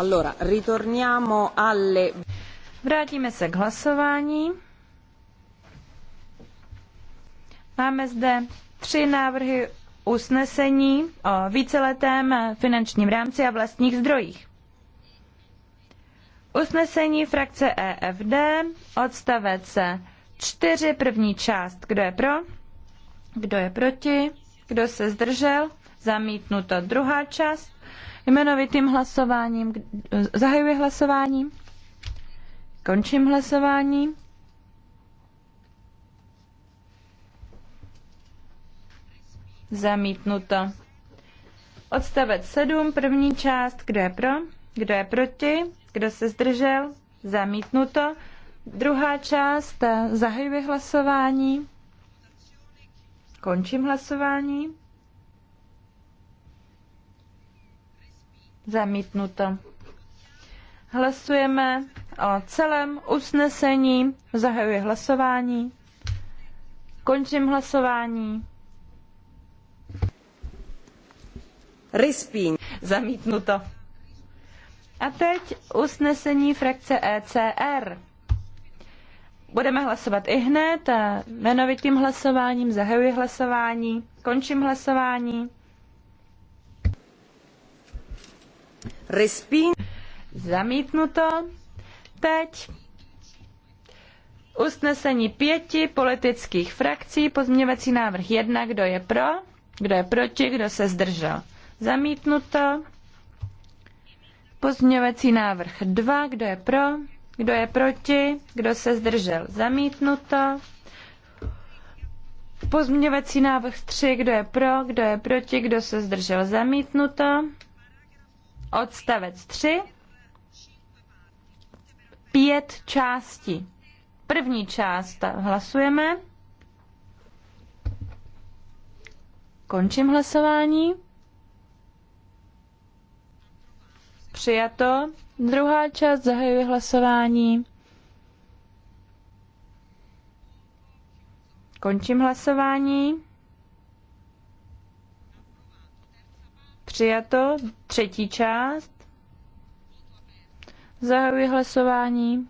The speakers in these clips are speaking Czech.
Allora, ritorniamo alle... Vrátíme se k hlasování. Máme zde tři návrhy usnesení o víceletém finančním rámci a vlastních zdrojích. Usnesení frakce EFD, odstavec 4, první část. Kdo je pro? Kdo je proti? Kdo se zdržel? Zamítnuto druhá část jmenovitým hlasováním. Zahajuji hlasování. Končím hlasování. Zamítnuto. Odstavec 7, první část, kdo je pro, kdo je proti, kdo se zdržel, zamítnuto. Druhá část, zahajuji hlasování. Končím hlasování. Zamítnuto. Hlasujeme o celém usnesení. Zahajuji hlasování. Končím hlasování. Rispín. Zamítnuto. A teď usnesení frakce ECR. Budeme hlasovat i hned a jmenovitým hlasováním zahajuji hlasování, končím hlasování. Respin. Zamítnuto. Teď usnesení pěti politických frakcí, pozměňovací návrh jedna, kdo je pro, kdo je proti, kdo se zdržel. Zamítnuto. Pozměňovací návrh dva kdo je pro, kdo je proti, kdo se zdržel. Zamítnuto. Pozměňovací návrh 3, kdo je pro, kdo je proti, kdo se zdržel. Zamítnuto. Odstavec 3. Pět částí. První část hlasujeme. Končím hlasování. Přijato. Druhá část zahajuje hlasování. Končím hlasování. Přijato. Třetí část. Zahajuji hlasování.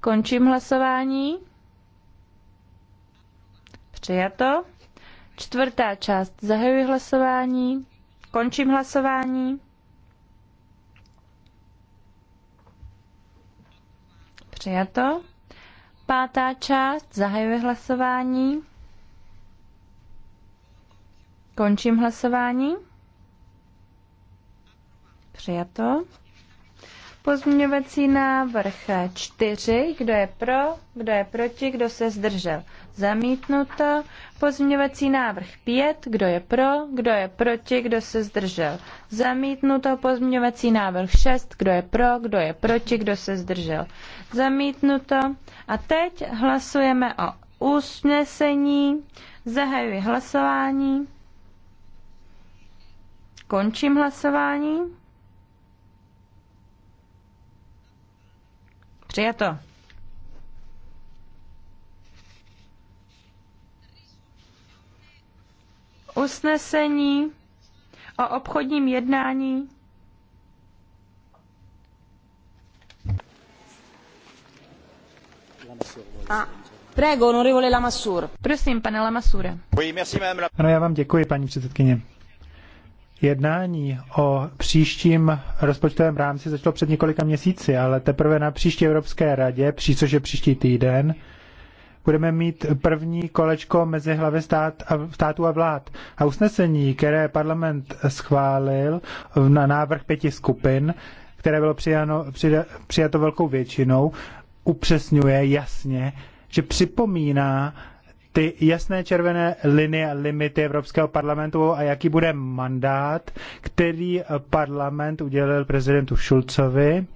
Končím hlasování. Přijato. Čtvrtá část. Zahajuji hlasování. Končím hlasování. Přijato. Pátá část. Zahajuji hlasování. Končím hlasování. Přijato. Pozměňovací návrh 4. Kdo je pro, kdo je proti, kdo se zdržel? Zamítnuto. Pozměňovací návrh 5. Kdo je pro, kdo je proti, kdo se zdržel? Zamítnuto. Pozměňovací návrh 6. Kdo je pro, kdo je proti, kdo se zdržel? Zamítnuto. A teď hlasujeme o usnesení. Zahajuji hlasování. Končím hlasování. Přijato. Usnesení o obchodním jednání A Prego, onorevole Lamassur. Prosím, pane Lamassure. Ano, já vám děkuji, paní předsedkyně. Jednání o příštím rozpočtovém rámci začalo před několika měsíci, ale teprve na příští Evropské radě, což je příští týden, budeme mít první kolečko mezi hlavy stát a, států a vlád. A usnesení, které parlament schválil na návrh pěti skupin, které bylo přijano, přijato velkou většinou, upřesňuje jasně, že připomíná ty jasné červené linie a limity Evropského parlamentu a jaký bude mandát, který parlament udělil prezidentu Šulcovi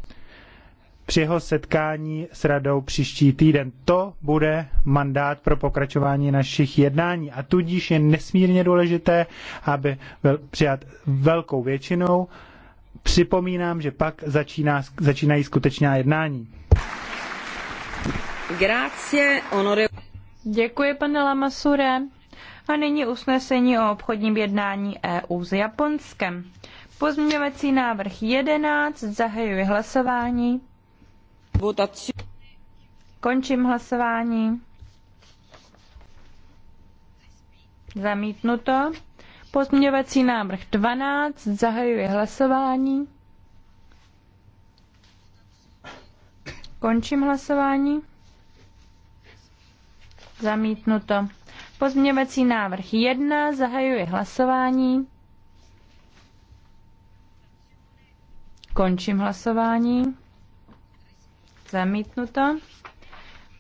při jeho setkání s radou příští týden. To bude mandát pro pokračování našich jednání a tudíž je nesmírně důležité, aby byl přijat velkou většinou. Připomínám, že pak začíná, začínají skutečná jednání. Grazie, onore... Děkuji, pane Lamasure. A nyní usnesení o obchodním jednání EU s Japonskem. Pozměňovací návrh 11. Zahajuji hlasování. Končím hlasování. Zamítnuto. Pozměňovací návrh 12. Zahajuji hlasování. Končím hlasování. Zamítnuto. Pozměňovací návrh 1. Zahajuji hlasování. Končím hlasování. Zamítnuto.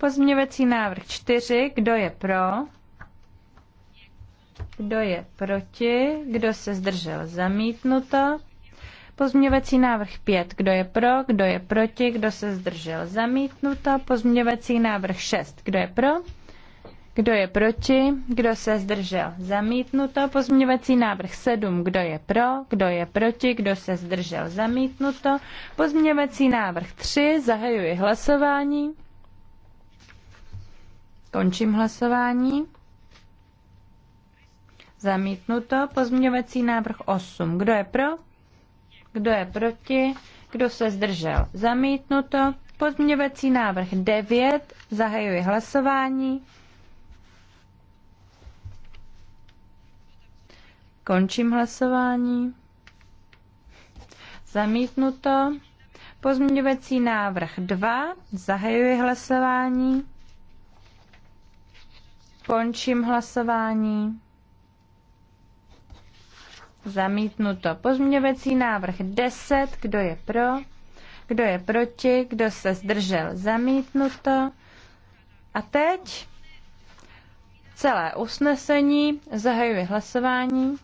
Pozměňovací návrh 4. Kdo je pro? Kdo je proti? Kdo se zdržel? Zamítnuto. Pozměňovací návrh 5. Kdo je pro? Kdo je proti? Kdo se zdržel? Zamítnuto. Pozměňovací návrh 6. Kdo je pro? Kdo je proti? Kdo se zdržel? Zamítnuto. Pozměňovací návrh 7. Kdo je pro? Kdo je proti? Kdo se zdržel? Zamítnuto. Pozměňovací návrh 3. Zahajuji hlasování. Končím hlasování. Zamítnuto. Pozměňovací návrh 8. Kdo je pro? Kdo je proti? Kdo se zdržel? Zamítnuto. Pozměňovací návrh 9. Zahajuji hlasování. Končím hlasování. Zamítnuto. Pozměňovací návrh 2. Zahajuji hlasování. Končím hlasování. Zamítnuto. Pozměňovací návrh 10. Kdo je pro? Kdo je proti? Kdo se zdržel? Zamítnuto. A teď celé usnesení. Zahajuji hlasování.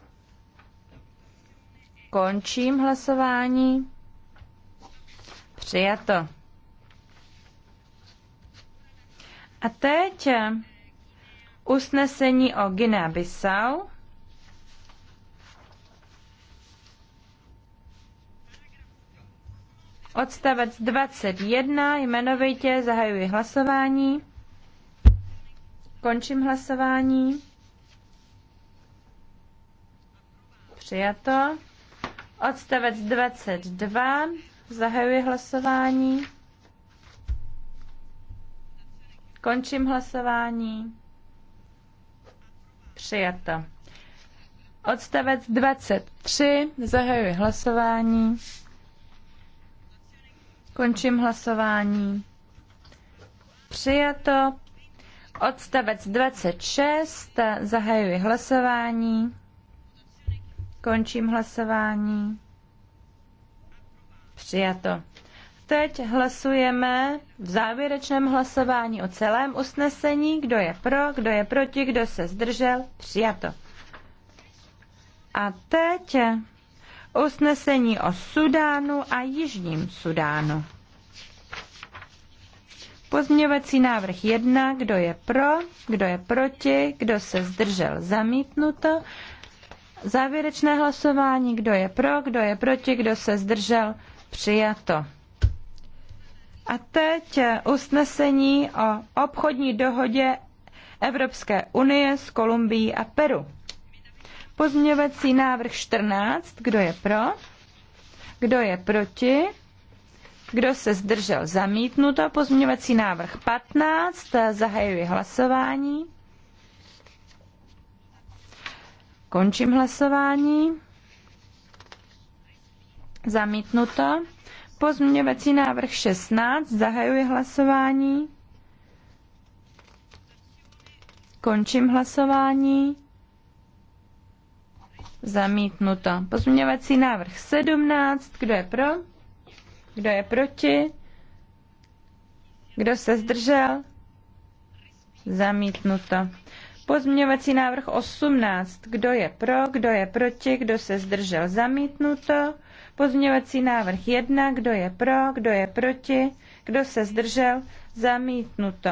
Končím hlasování. Přijato. A teď usnesení o Guinea-Bissau. Odstavec 21, jmenovitě zahajuji hlasování. Končím hlasování. Přijato. Odstavec 22. Zahajuji hlasování. Končím hlasování. Přijato. Odstavec 23. Zahajuji hlasování. Končím hlasování. Přijato. Odstavec 26. Zahajuji hlasování. Končím hlasování. Přijato. Teď hlasujeme v závěrečném hlasování o celém usnesení, kdo je pro, kdo je proti, kdo se zdržel, přijato. A teď usnesení o Sudánu a Jižním Sudánu. Pozměňovací návrh 1, kdo je pro, kdo je proti, kdo se zdržel, zamítnuto. Závěrečné hlasování, kdo je pro, kdo je proti, kdo se zdržel, přijato. A teď usnesení o obchodní dohodě Evropské unie s Kolumbií a Peru. Pozměňovací návrh 14, kdo je pro, kdo je proti, kdo se zdržel zamítnuto, pozměňovací návrh 15, zahajuji hlasování. Končím hlasování. Zamítnuto. Pozměňovací návrh 16. Zahajuji hlasování. Končím hlasování. Zamítnuto. Pozměňovací návrh 17. Kdo je pro? Kdo je proti? Kdo se zdržel? Zamítnuto. Pozměňovací návrh 18. Kdo je pro, kdo je proti, kdo se zdržel zamítnuto. Pozměňovací návrh 1. Kdo je pro, kdo je proti, kdo se zdržel zamítnuto.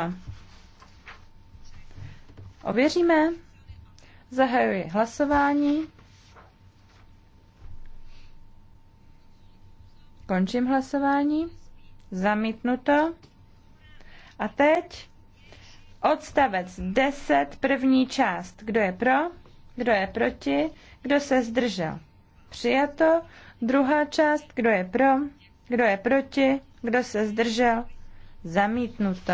Ověříme. Zahajuji hlasování. Končím hlasování. Zamítnuto. A teď Odstavec 10, první část. Kdo je pro? Kdo je proti? Kdo se zdržel? Přijato. Druhá část. Kdo je pro? Kdo je proti? Kdo se zdržel? Zamítnuto.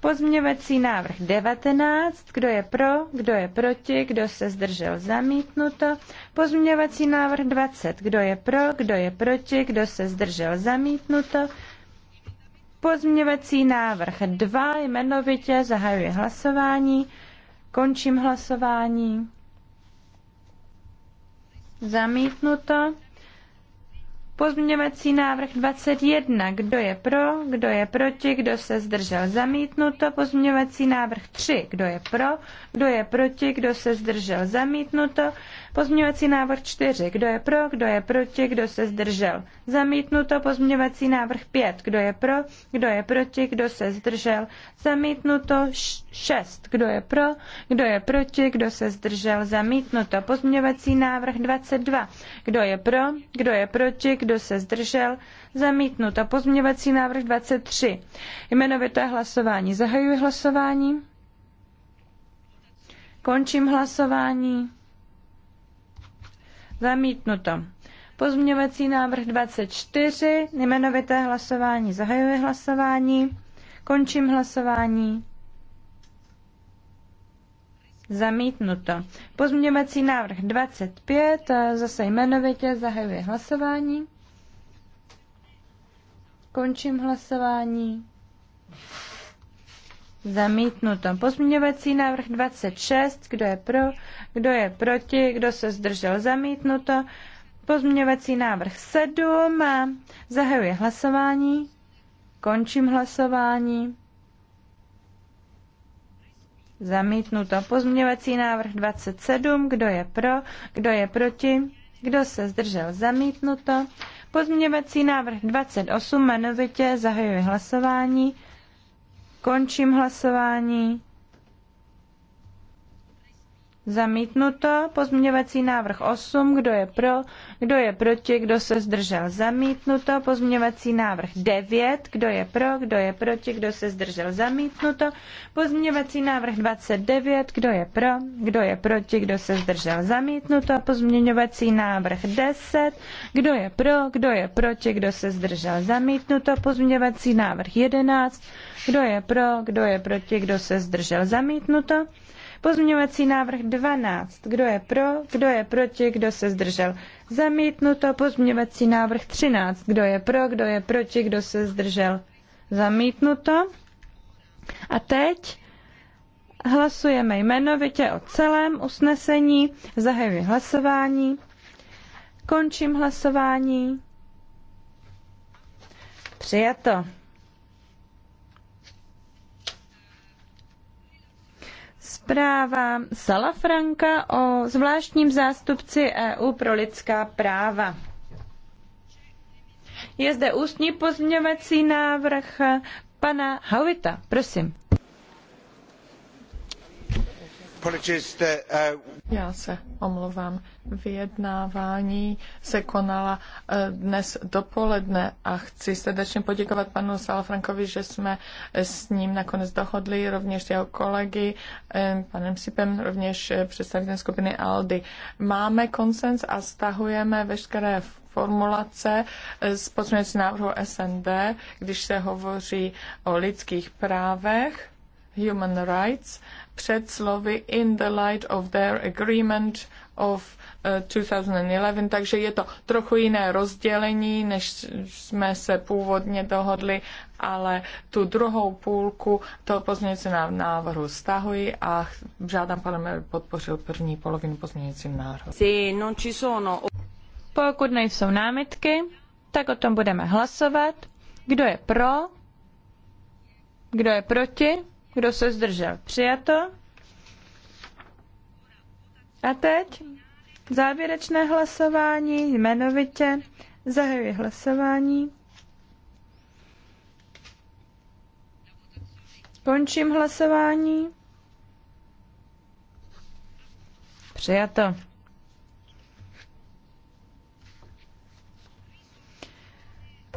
Pozměňovací návrh 19. Kdo je pro? Kdo je proti? Kdo se zdržel? Zamítnuto. Pozměňovací návrh 20. Kdo je pro? Kdo je proti? Kdo se zdržel? Zamítnuto. Pozměňovací návrh 2 jmenovitě zahajuje hlasování. Končím hlasování. Zamítnuto. Pozměňovací návrh 21. Kdo je pro? Kdo je proti? Kdo se zdržel? Zamítnuto. Pozměňovací návrh 3. Kdo je pro? Kdo je proti? Kdo se zdržel? Zamítnuto. Pozměňovací návrh 4. Kdo je pro? Kdo je proti? Kdo se zdržel? Zamítnuto. Pozměňovací návrh 5. Kdo je pro? Kdo je proti? Kdo se zdržel? Zamítnuto. 6. Kdo je pro? Kdo je proti? Kdo se zdržel? Zamítnuto. Pozměňovací návrh 22. Kdo je pro? Kdo je proti? Kdo kdo se zdržel, a pozměvací návrh 23. Jmenovité hlasování. Zahajuji hlasování. Končím hlasování. Zamítnuto. Pozměňovací návrh 24, jmenovité hlasování, zahajuji hlasování, končím hlasování. Zamítnuto. Pozměňovací návrh 25, zase jmenovitě zahajuji hlasování. Končím hlasování. Zamítnuto. Pozměňovací návrh 26. Kdo je pro? Kdo je proti? Kdo se zdržel? Zamítnuto. Pozměňovací návrh 7. Zahajuji hlasování. Končím hlasování. Zamítnuto. Pozměňovací návrh 27. Kdo je pro? Kdo je proti? Kdo se zdržel? Zamítnuto. Pozměňovací návrh 28, jmenovitě zahajuji hlasování, končím hlasování. Zamítnuto. Pozměňovací návrh 8. Kdo je pro? Kdo je proti? Kdo se zdržel? Zamítnuto. Pozměňovací návrh 9. Kdo je pro? Kdo je proti? Kdo se zdržel? Zamítnuto. Pozměňovací návrh 29. Kdo je pro? Kdo je proti? Kdo se zdržel? Zamítnuto. Pozměňovací návrh 10. Kdo je pro? Kdo je proti? Kdo se zdržel? Zamítnuto. Pozměňovací návrh 11. Kdo je pro? Kdo je proti? Kdo se zdržel? Zamítnuto. Pozměňovací návrh 12. Kdo je pro, kdo je proti, kdo se zdržel? Zamítnuto. Pozměňovací návrh 13. Kdo je pro, kdo je proti, kdo se zdržel? Zamítnuto. A teď hlasujeme jmenovitě o celém usnesení. Zahajuji hlasování. Končím hlasování. Přijato. zpráva Salafranka o zvláštním zástupci EU pro lidská práva. Je zde ústní pozměňovací návrh pana Havita. Prosím. Uh, Já se omlouvám. Vyjednávání se konala eh, dnes dopoledne a chci srdečně poděkovat panu Salafrankovi, že jsme eh, s ním nakonec dohodli, rovněž jeho kolegy, eh, panem Sipem, rovněž představitelem skupiny ALDI. Máme konsens a stahujeme veškeré formulace z pozměňovacího návrhu SND, když se hovoří o lidských právech Human Rights před slovy in the light of their agreement of 2011, eh, takže je to trochu jiné rozdělení, než jsme se původně dohodli, ale tu druhou půlku toho pozměňovacího návrhu stahuji a žádám pane aby podpořil první polovinu pozměňovacího návrhu. Pokud nejsou námitky, tak o tom budeme hlasovat. Kdo je pro? Kdo je proti? Kdo se zdržel? Přijato. A teď závěrečné hlasování jmenovitě. Zahajuji hlasování. Končím hlasování. Přijato.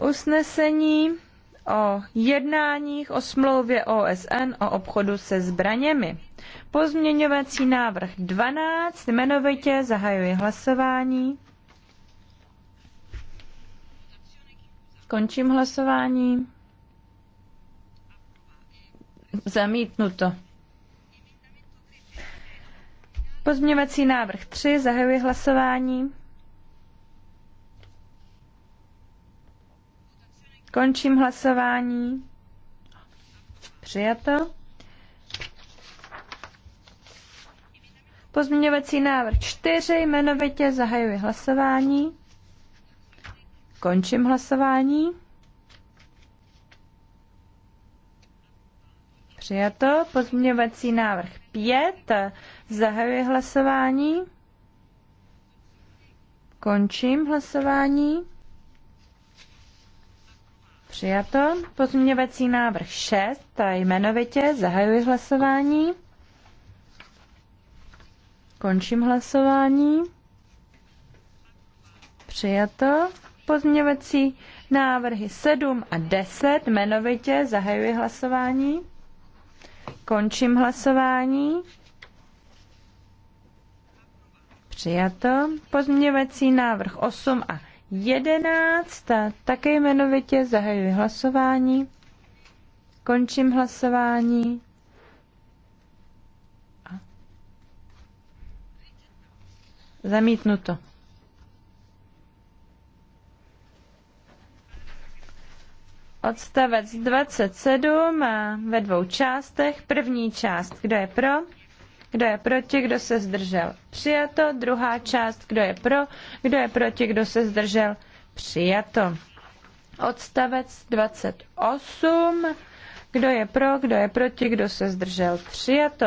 Usnesení o jednáních o smlouvě OSN o obchodu se zbraněmi. Pozměňovací návrh 12, jmenovitě zahajuji hlasování. Končím hlasování. Zamítnuto. Pozměňovací návrh 3, zahajuji hlasování. Končím hlasování. Přijato. Pozměňovací návrh 4 jmenovitě zahajuji hlasování. Končím hlasování. Přijato. Pozměňovací návrh 5. Zahajuji hlasování. Končím hlasování. Přijato. Pozměňovací návrh 6, ta jmenovitě zahajuji hlasování. Končím hlasování. Přijato. Pozměňovací návrhy 7 a 10, jmenovitě zahajuji hlasování. Končím hlasování. Přijato. Pozměňovací návrh 8 a 11. Také jmenovitě zahajuji hlasování. Končím hlasování. Zamítnuto. Odstavec 27 eh, ve dvou částech. První část, kdo je pro? kdo je proti, kdo se zdržel. Přijato. Druhá část, kdo je pro, kdo je proti, kdo se zdržel. Přijato. Odstavec 28. Kdo je pro, kdo je proti, kdo se zdržel. Přijato.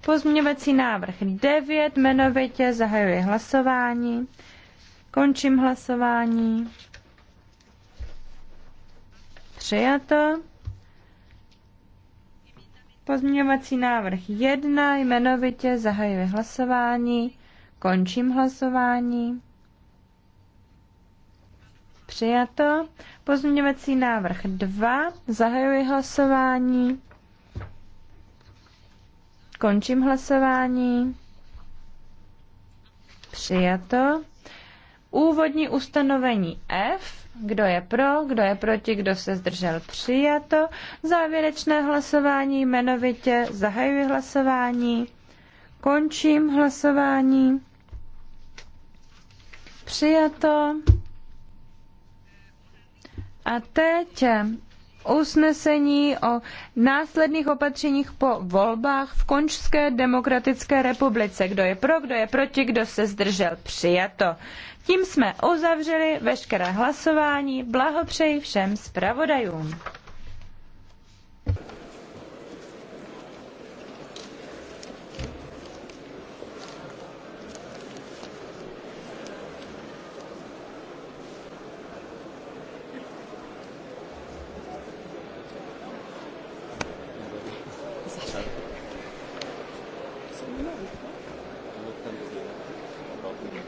Pozměňovací návrh 9 jmenovitě zahajuje hlasování. Končím hlasování. Přijato. Pozměňovací návrh 1 jmenovitě zahajuje hlasování. Končím hlasování. Přijato. Pozměňovací návrh 2 zahajuje hlasování. Končím hlasování. Přijato. Úvodní ustanovení F kdo je pro, kdo je proti, kdo se zdržel přijato. Závěrečné hlasování jmenovitě zahajuji hlasování. Končím hlasování. Přijato. A teď usnesení o následných opatřeních po volbách v Končské demokratické republice. Kdo je pro, kdo je proti, kdo se zdržel, přijato. Tím jsme uzavřeli veškeré hlasování. Blahopřeji všem zpravodajům.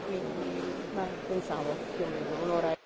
quindi ma pensavo più o meno un'ora